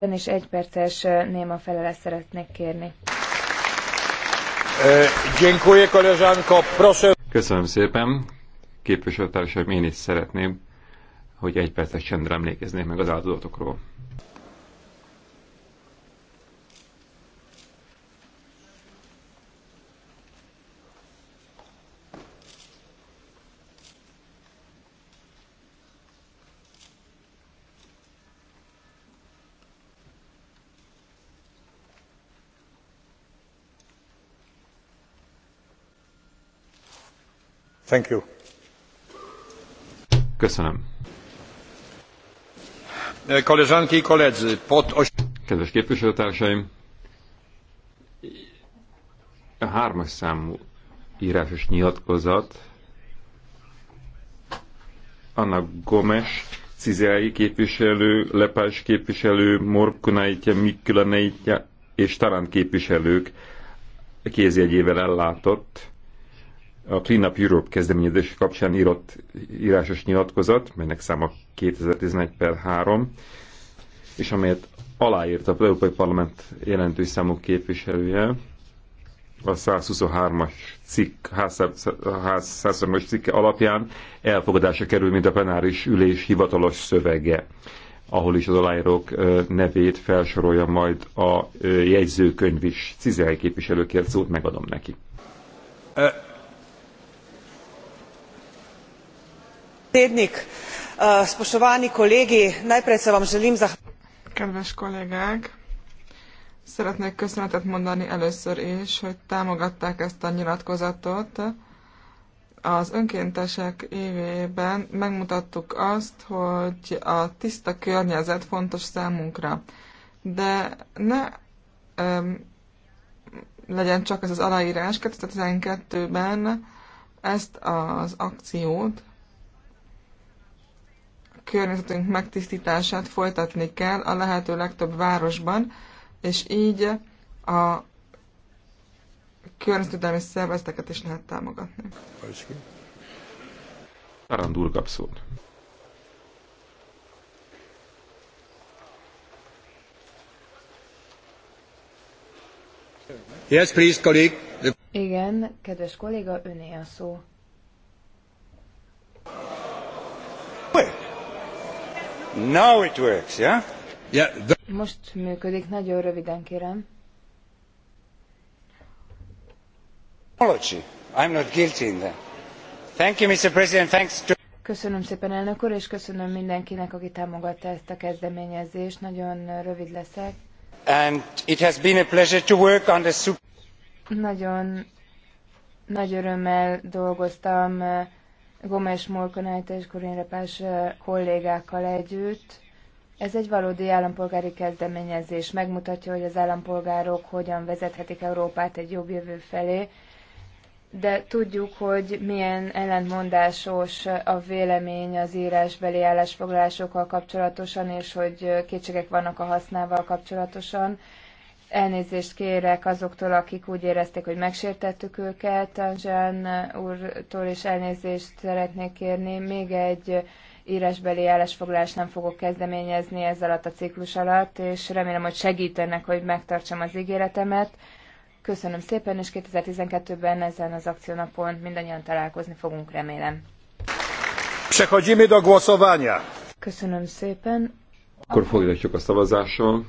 Ön is egy perces néma felele szeretnék kérni. Köszönöm szépen. Képviselőtársaim, én is szeretném, hogy egy perces csendre emlékezném meg az áldozatokról. Thank you. Köszönöm. Koleżanki i koledzy, pod... Kedves képviselőtársaim, a hármas számú írásos nyilatkozat Anna Gomes, Cizei képviselő, Lepás képviselő, Morkunajtja, Mikülanejtja és Tarant képviselők kézjegyével ellátott a Clean Up Europe kezdeményezés kapcsán írott írásos nyilatkozat, melynek száma 2011 per 3, és amelyet aláírt a Európai Parlament jelentős számú képviselője, a 123-as cikk, ház, ház cikke alapján elfogadásra kerül, mint a plenáris ülés hivatalos szövege, ahol is az aláírók nevét felsorolja majd a jegyzőkönyv is. Cizely képviselőkért szót megadom neki. Eh, Kedves kollégák! Szeretnék köszönetet mondani először is, hogy támogatták ezt a nyilatkozatot. Az önkéntesek évében megmutattuk azt, hogy a tiszta környezet fontos számunkra. De ne um, legyen csak ez az aláírás. 2012-ben ezt az akciót környezetünk megtisztítását folytatni kell a lehető legtöbb városban, és így a környezetvédelmi szervezeteket is lehet támogatni. Arandúr kap Yes, please, colleague. Igen, kedves kolléga, öné a szó. Now it works, yeah? Yeah, the... Most működik, nagyon röviden kérem. Technology. I'm not guilty in that. Thank you, Mr. President. Thanks to... Köszönöm szépen, elnök úr, és köszönöm mindenkinek, aki támogatta ezt a kezdeményezést. Nagyon rövid leszek. And it has been a pleasure to work on the... Super... Nagyon nagy örömmel dolgoztam Gomes Molkonájta és Korin eh, kollégákkal együtt. Ez egy valódi állampolgári kezdeményezés. Megmutatja, hogy az állampolgárok hogyan vezethetik Európát egy jobb jövő felé, de tudjuk, hogy milyen ellentmondásos a vélemény az írásbeli állásfoglalásokkal kapcsolatosan, és hogy kétségek vannak a használval kapcsolatosan. Elnézést kérek azoktól, akik úgy érezték, hogy megsértettük őket. Zsán úrtól is elnézést szeretnék kérni. Még egy írásbeli állásfoglalást nem fogok kezdeményezni ez alatt a ciklus alatt, és remélem, hogy segítenek, hogy megtartsam az ígéretemet. Köszönöm szépen, és 2012-ben ezen az akciónapon mindannyian találkozni fogunk, remélem. Köszönöm szépen. Akkor folytatjuk a szavazással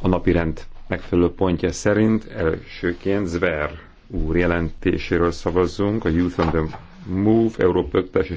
a napirend megfelelő pontja szerint elsőként Zver úr jelentéséről szavazzunk, a Youth on the Move, Európa